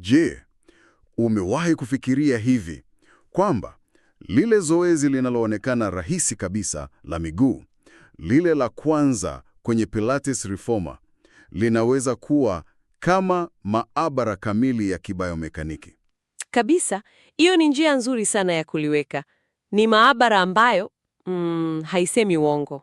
Je, umewahi kufikiria hivi kwamba lile zoezi linaloonekana rahisi kabisa la miguu, lile la kwanza kwenye Pilates Reformer, linaweza kuwa kama maabara kamili ya kibayomekaniki kabisa? Hiyo ni njia nzuri sana ya kuliweka. Ni maabara ambayo mm, haisemi uongo.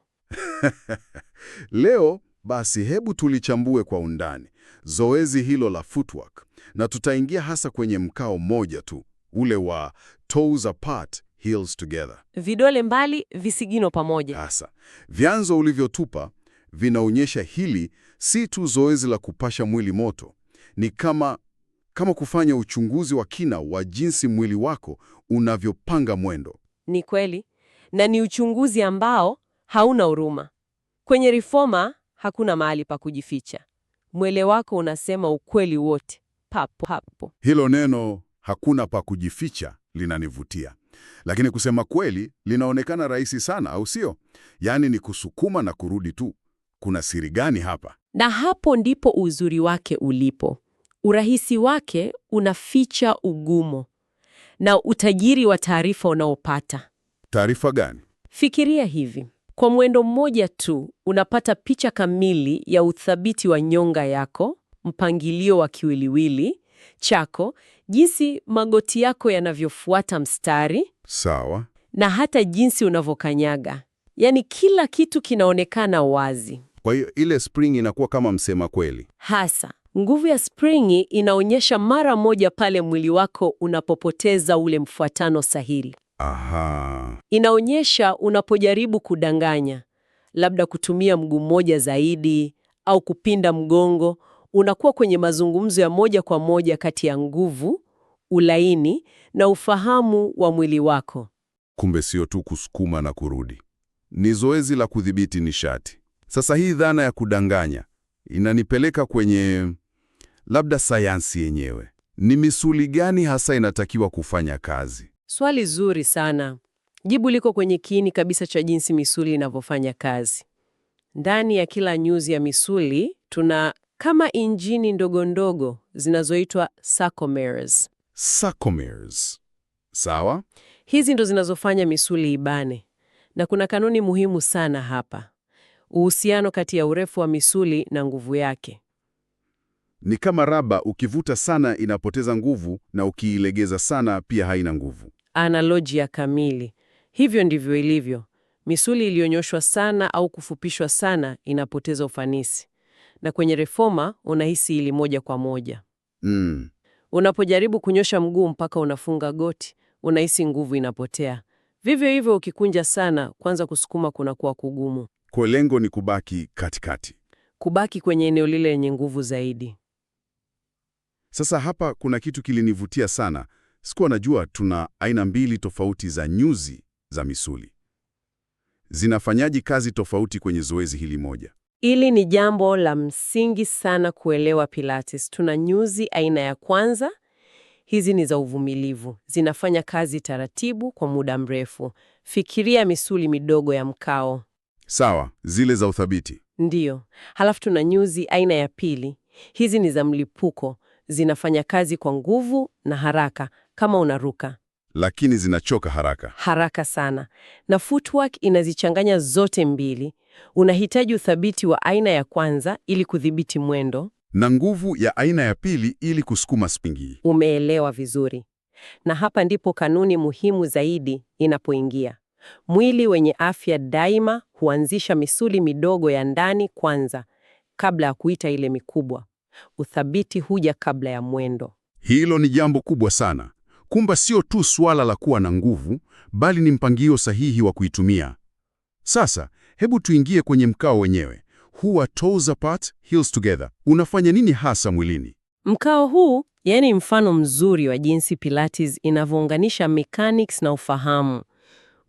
Leo basi, hebu tulichambue kwa undani zoezi hilo la footwork na tutaingia hasa kwenye mkao mmoja tu, ule wa toes apart heels together, vidole mbali visigino pamoja. Hasa vyanzo ulivyotupa vinaonyesha hili si tu zoezi la kupasha mwili moto, ni kama kama kufanya uchunguzi wa kina wa jinsi mwili wako unavyopanga mwendo. Ni kweli, na ni uchunguzi ambao hauna huruma. Kwenye rifoma hakuna mahali pa kujificha. Mwele wako unasema ukweli wote papo hapo. Hilo neno hakuna pa kujificha linanivutia, lakini kusema kweli linaonekana rahisi sana, au sio? Yaani ni kusukuma na kurudi tu. Kuna siri gani hapa? Na hapo ndipo uzuri wake ulipo. Urahisi wake unaficha ugumu na utajiri wa taarifa unaopata. Taarifa gani? Fikiria hivi: kwa mwendo mmoja tu unapata picha kamili ya uthabiti wa nyonga yako, mpangilio wa kiwiliwili chako, jinsi magoti yako yanavyofuata mstari sawa, na hata jinsi unavyokanyaga. Yaani kila kitu kinaonekana wazi. Kwa hiyo ile spring inakuwa kama msema kweli hasa. Nguvu ya springi inaonyesha mara moja pale mwili wako unapopoteza ule mfuatano sahihi. Aha. Inaonyesha unapojaribu kudanganya, labda kutumia mguu mmoja zaidi au kupinda mgongo unakuwa kwenye mazungumzo ya moja kwa moja kati ya nguvu, ulaini na ufahamu wa mwili wako. Kumbe sio tu kusukuma na kurudi, ni zoezi la kudhibiti nishati. Sasa hii dhana ya kudanganya inanipeleka kwenye labda sayansi yenyewe. Ni misuli gani hasa inatakiwa kufanya kazi? Swali zuri sana. Jibu liko kwenye kiini kabisa cha jinsi misuli inavyofanya kazi. Ndani ya kila nyuzi ya misuli tuna kama injini ndogo ndogo zinazoitwa sarcomeres. Sarcomeres. Sawa? Hizi ndo zinazofanya misuli ibane. Na kuna kanuni muhimu sana hapa. Uhusiano kati ya urefu wa misuli na nguvu yake. Ni kama raba, ukivuta sana inapoteza nguvu na ukiilegeza sana pia haina nguvu. Analojia kamili. Hivyo ndivyo ilivyo. Misuli iliyonyoshwa sana au kufupishwa sana inapoteza ufanisi na kwenye reforma unahisi ili moja kwa moja mm. Unapojaribu kunyosha mguu mpaka unafunga goti, unahisi nguvu inapotea. Vivyo hivyo ukikunja sana, kwanza kusukuma kunakuwa kugumu. Kwa lengo ni kubaki katikati, kubaki kwenye eneo lile lenye nguvu zaidi. Sasa hapa kuna kitu kilinivutia sana. Sikuwa najua tuna aina mbili tofauti za nyuzi za misuli. Zinafanyaji kazi tofauti kwenye zoezi hili moja? Hili ni jambo la msingi sana kuelewa Pilates. Tuna nyuzi aina ya kwanza, hizi ni za uvumilivu, zinafanya kazi taratibu kwa muda mrefu. Fikiria misuli midogo ya mkao. Sawa, zile za uthabiti. Ndiyo. Halafu tuna nyuzi aina ya pili, hizi ni za mlipuko, zinafanya kazi kwa nguvu na haraka kama unaruka lakini zinachoka haraka haraka sana, na footwork inazichanganya zote mbili, Unahitaji uthabiti wa aina ya kwanza ili kudhibiti mwendo na nguvu ya aina ya pili ili kusukuma spingi. Umeelewa vizuri. Na hapa ndipo kanuni muhimu zaidi inapoingia. Mwili wenye afya daima huanzisha misuli midogo ya ndani kwanza kabla ya kuita ile mikubwa. Uthabiti huja kabla ya mwendo. Hilo ni jambo kubwa sana. Kumba sio tu suala la kuwa na nguvu, bali ni mpangilio sahihi wa kuitumia. Sasa Hebu tuingie kwenye mkao wenyewe. Huu wa toes apart, heels together unafanya nini hasa mwilini? Mkao huu yani mfano mzuri wa jinsi Pilates inavyounganisha mechanics na ufahamu.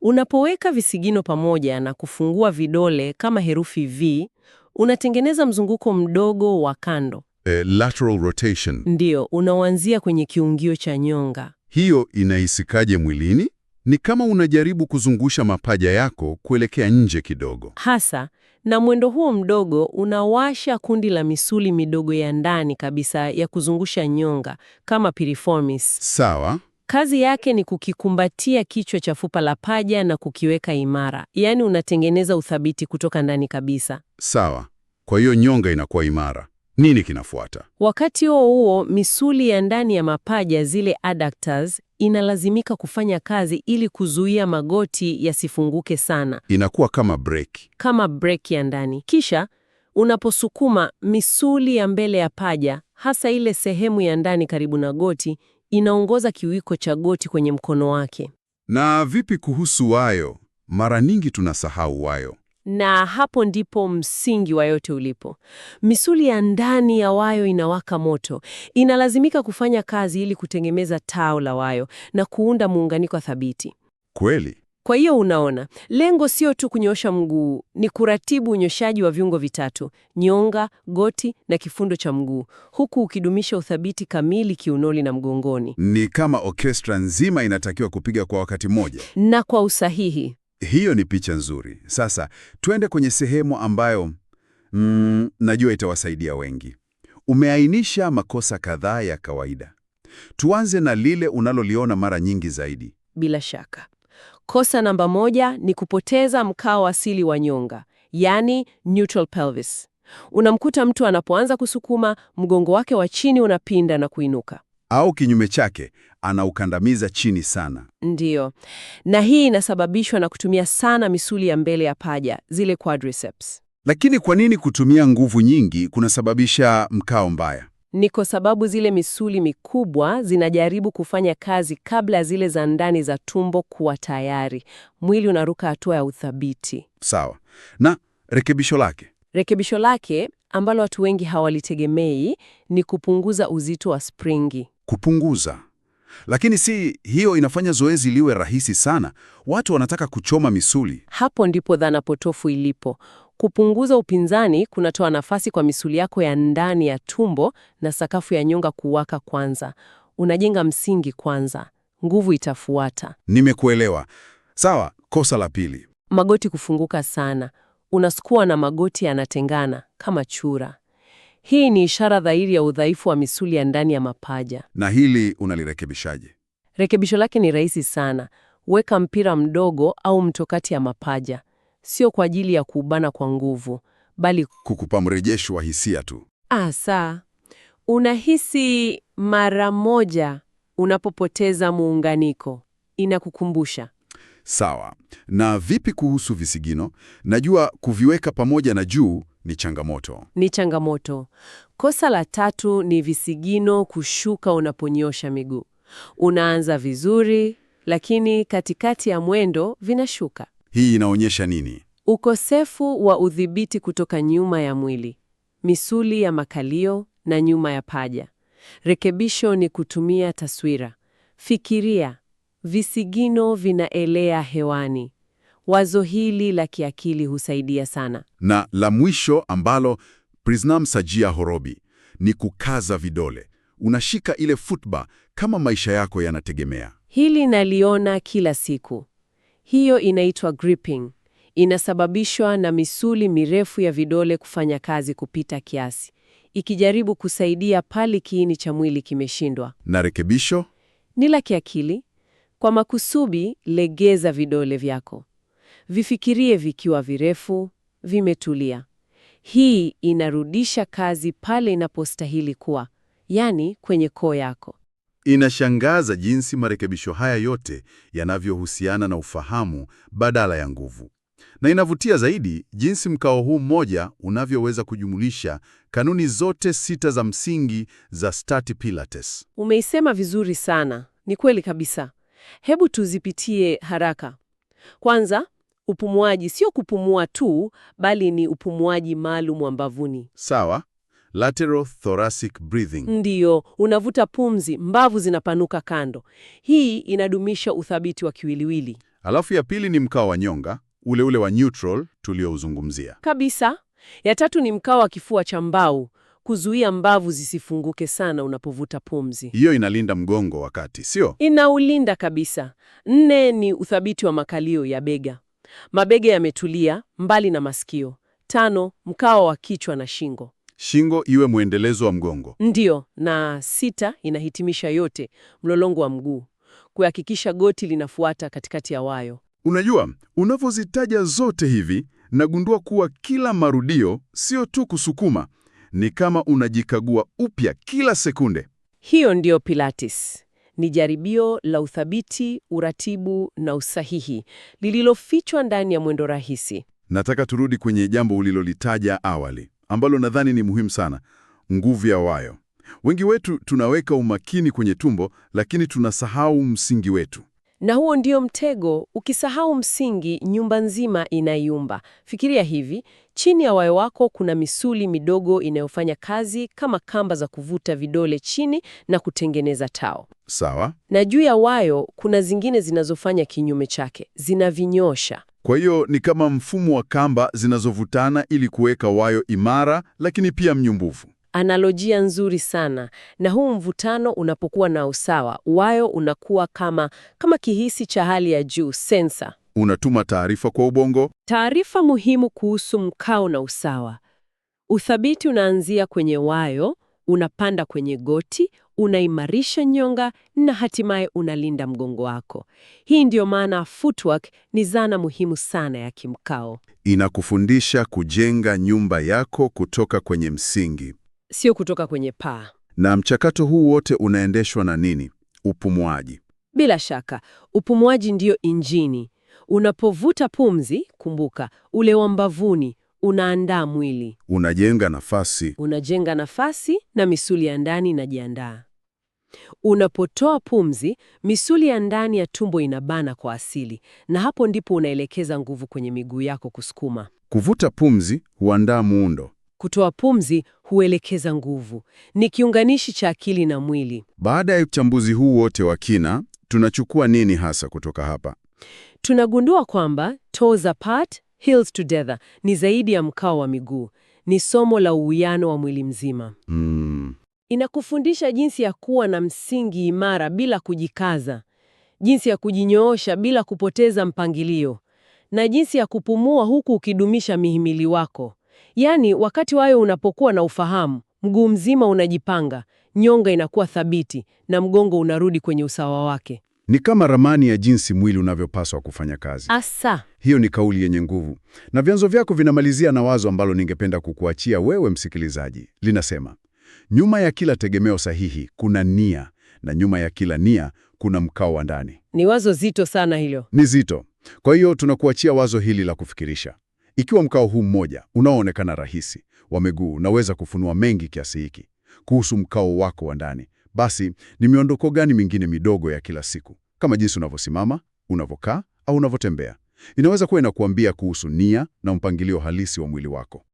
Unapoweka visigino pamoja na kufungua vidole kama herufi V, unatengeneza mzunguko mdogo wa kando. A lateral rotation. Ndio, unaoanzia kwenye kiungio cha nyonga. Hiyo inahisikaje mwilini? Ni kama unajaribu kuzungusha mapaja yako kuelekea nje kidogo. Hasa, na mwendo huo mdogo unawasha kundi la misuli midogo ya ndani kabisa ya kuzungusha nyonga kama piriformis. Sawa. Kazi yake ni kukikumbatia kichwa cha fupa la paja na kukiweka imara, yaani unatengeneza uthabiti kutoka ndani kabisa. Sawa. Kwa hiyo nyonga inakuwa imara. Nini kinafuata? Wakati huo huo, misuli ya ndani ya mapaja zile adductors inalazimika kufanya kazi ili kuzuia magoti yasifunguke sana. Inakuwa kama break, kama break ya ndani. Kisha unaposukuma misuli ya mbele ya paja, hasa ile sehemu ya ndani karibu na goti, inaongoza kiwiko cha goti kwenye mkono wake. Na vipi kuhusu wayo? Mara nyingi tunasahau wayo na hapo ndipo msingi wa yote ulipo. Misuli ya ndani ya wayo inawaka moto, inalazimika kufanya kazi ili kutengemeza tao la wayo na kuunda muunganiko thabiti. Kweli. Kwa hiyo unaona, lengo sio tu kunyosha mguu, ni kuratibu unyoshaji wa viungo vitatu: nyonga, goti na kifundo cha mguu, huku ukidumisha uthabiti kamili kiunoni na mgongoni. Ni kama orkestra nzima inatakiwa kupiga kwa wakati mmoja na kwa usahihi. Hiyo ni picha nzuri. Sasa twende kwenye sehemu ambayo mm, najua itawasaidia wengi. Umeainisha makosa kadhaa ya kawaida. Tuanze na lile unaloliona mara nyingi zaidi. Bila shaka, kosa namba moja ni kupoteza mkao asili wa nyonga, yani neutral pelvis. Unamkuta mtu anapoanza kusukuma, mgongo wake wa chini unapinda na kuinuka, au kinyume chake, anaukandamiza chini sana. Ndiyo, na hii inasababishwa na kutumia sana misuli ya mbele ya paja, zile quadriceps. Lakini kwa nini kutumia nguvu nyingi kunasababisha mkao mbaya? Ni kwa sababu zile misuli mikubwa zinajaribu kufanya kazi kabla zile za ndani za tumbo kuwa tayari. Mwili unaruka hatua ya uthabiti. Sawa. Na rekebisho lake? Rekebisho lake ambalo watu wengi hawalitegemei ni kupunguza uzito wa springi. Kupunguza? Lakini si hiyo inafanya zoezi liwe rahisi sana. Watu wanataka kuchoma misuli. Hapo ndipo dhana potofu ilipo. Kupunguza upinzani kunatoa nafasi kwa misuli yako ya ndani ya tumbo na sakafu ya nyonga kuwaka kwanza. Unajenga msingi kwanza, nguvu itafuata. Nimekuelewa. Sawa, kosa la pili, magoti kufunguka sana. Unasukua na magoti yanatengana kama chura. Hii ni ishara dhahiri ya udhaifu wa misuli ya ndani ya mapaja. Na hili unalirekebishaje? Rekebisho lake ni rahisi sana. Weka mpira mdogo au mtokati ya mapaja, sio kwa ajili ya kuubana kwa nguvu, bali kukupa mrejesho wa hisia tu. Ah, saa unahisi mara moja unapopoteza muunganiko, inakukumbusha. Sawa. Na vipi kuhusu visigino? Najua kuviweka pamoja na juu ni changamoto, ni changamoto. Kosa la tatu ni visigino kushuka unaponyosha miguu. Unaanza vizuri, lakini katikati ya mwendo vinashuka. Hii inaonyesha nini? Ukosefu wa udhibiti kutoka nyuma ya mwili, misuli ya makalio na nyuma ya paja. Rekebisho ni kutumia taswira. Fikiria visigino vinaelea hewani, Wazo hili la kiakili husaidia sana. Na la mwisho ambalo Prisnam Sajia Horobi ni kukaza vidole. Unashika ile futba kama maisha yako yanategemea. Hili naliona kila siku. Hiyo inaitwa gripping. Inasababishwa na misuli mirefu ya vidole kufanya kazi kupita kiasi, ikijaribu kusaidia pale kiini cha mwili kimeshindwa. Na rekebisho ni la kiakili. Kwa makusudi, legeza vidole vyako vifikirie vikiwa virefu, vimetulia. Hii inarudisha kazi pale inapostahili kuwa, yani kwenye koo yako. Inashangaza jinsi marekebisho haya yote yanavyohusiana na ufahamu badala ya nguvu, na inavutia zaidi jinsi mkao huu mmoja unavyoweza kujumulisha kanuni zote sita za msingi za Stati Pilates. Umeisema vizuri sana, ni kweli kabisa. Hebu tuzipitie haraka. Kwanza, Upumuaji sio kupumua tu, bali ni upumuaji maalum wa mbavuni. Sawa. Lateral thoracic breathing. Ndiyo, unavuta pumzi, mbavu zinapanuka kando. Hii inadumisha uthabiti wa kiwiliwili. Alafu ya pili ni mkao wa nyonga, ule ule wa neutral tuliouzungumzia kabisa. Ya tatu ni mkao wa kifua cha mbau, kuzuia mbavu zisifunguke sana unapovuta pumzi. Hiyo inalinda mgongo wakati, sio? Inaulinda kabisa. Nne ni uthabiti wa makalio ya bega. Mabega yametulia mbali na masikio. Tano, mkao wa kichwa na shingo. Shingo iwe mwendelezo wa mgongo. Ndiyo, na sita inahitimisha yote, mlolongo wa mguu, kuhakikisha goti linafuata katikati ya wayo. Unajua, unavyozitaja zote hivi nagundua kuwa kila marudio sio tu kusukuma, ni kama unajikagua upya kila sekunde. Hiyo ndiyo Pilates ni jaribio la uthabiti, uratibu na usahihi lililofichwa ndani ya mwendo rahisi. Nataka turudi kwenye jambo ulilolitaja awali ambalo nadhani ni muhimu sana, nguvu ya wayo. Wengi wetu tunaweka umakini kwenye tumbo, lakini tunasahau msingi wetu. Na huo ndio mtego. Ukisahau msingi, nyumba nzima inayumba. Fikiria hivi, chini ya wayo wako kuna misuli midogo inayofanya kazi kama kamba za kuvuta vidole chini na kutengeneza tao. Sawa. Na juu ya wayo kuna zingine zinazofanya kinyume chake, zinavinyosha. Kwa hiyo ni kama mfumo wa kamba zinazovutana ili kuweka wayo imara, lakini pia mnyumbufu analojia nzuri sana. Na huu mvutano unapokuwa na usawa, wayo unakuwa kama kama kihisi cha hali ya juu, sensa. Unatuma taarifa kwa ubongo, taarifa muhimu kuhusu mkao na usawa. Uthabiti unaanzia kwenye wayo, unapanda kwenye goti, unaimarisha nyonga na hatimaye unalinda mgongo wako. Hii ndiyo maana footwork ni zana muhimu sana ya kimkao. Inakufundisha kujenga nyumba yako kutoka kwenye msingi sio kutoka kwenye paa. Na mchakato huu wote unaendeshwa na nini? Upumuaji. Bila shaka, upumuaji ndiyo injini. Unapovuta pumzi, kumbuka, ule wa mbavuni unaandaa mwili, unajenga nafasi, unajenga nafasi na misuli ya ndani inajiandaa. Unapotoa pumzi, misuli ya ndani ya tumbo inabana kwa asili, na hapo ndipo unaelekeza nguvu kwenye miguu yako kusukuma. Kuvuta pumzi huandaa muundo, kutoa pumzi huelekeza nguvu. Ni kiunganishi cha akili na mwili. Baada ya uchambuzi huu wote wa kina, tunachukua nini hasa kutoka hapa? Tunagundua kwamba toes apart, heels together ni zaidi ya mkao wa miguu, ni somo la uwiano wa mwili mzima. Mm. Inakufundisha jinsi ya kuwa na msingi imara bila kujikaza, jinsi ya kujinyoosha bila kupoteza mpangilio, na jinsi ya kupumua huku ukidumisha mihimili wako. Yaani, wakati wayo unapokuwa na ufahamu, mguu mzima unajipanga, nyonga inakuwa thabiti na mgongo unarudi kwenye usawa wake. Ni kama ramani ya jinsi mwili unavyopaswa kufanya kazi. Asa. Hiyo ni kauli yenye nguvu, na vyanzo vyako vinamalizia na wazo ambalo ningependa kukuachia wewe msikilizaji. Linasema, nyuma ya kila tegemeo sahihi kuna nia, na nyuma ya kila nia kuna mkao wa ndani. Ni wazo zito sana hilo. Ni zito. Kwa hiyo tunakuachia wazo hili la kufikirisha. Ikiwa mkao huu mmoja unaoonekana rahisi wa miguu unaweza kufunua mengi kiasi hiki kuhusu mkao wako wa ndani, basi ni miondoko gani mingine midogo ya kila siku kama jinsi unavyosimama, unavyokaa au unavyotembea inaweza kuwa inakuambia kuhusu nia na mpangilio halisi wa mwili wako?